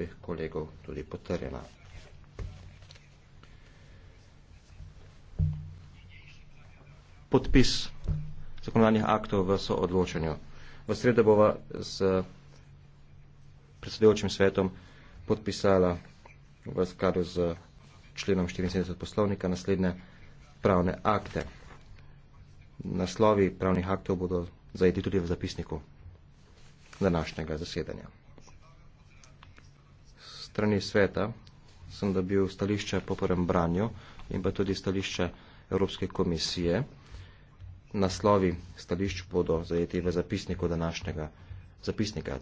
slabih kolegov tudi potrjena. Podpis zakonodajnih aktov v soodločanju. V sredo bova z predsedujočim svetom podpisala v skladu z členom 74 poslovnika naslednje pravne akte. Naslovi pravnih aktov bodo zajeti tudi v zapisniku današnjega zasedanja strani sveta sem dobil stališče po prvem branju in pa tudi stališče Evropske komisije. Naslovi stališč bodo zajeti v zapisniku današnjega zapisnika.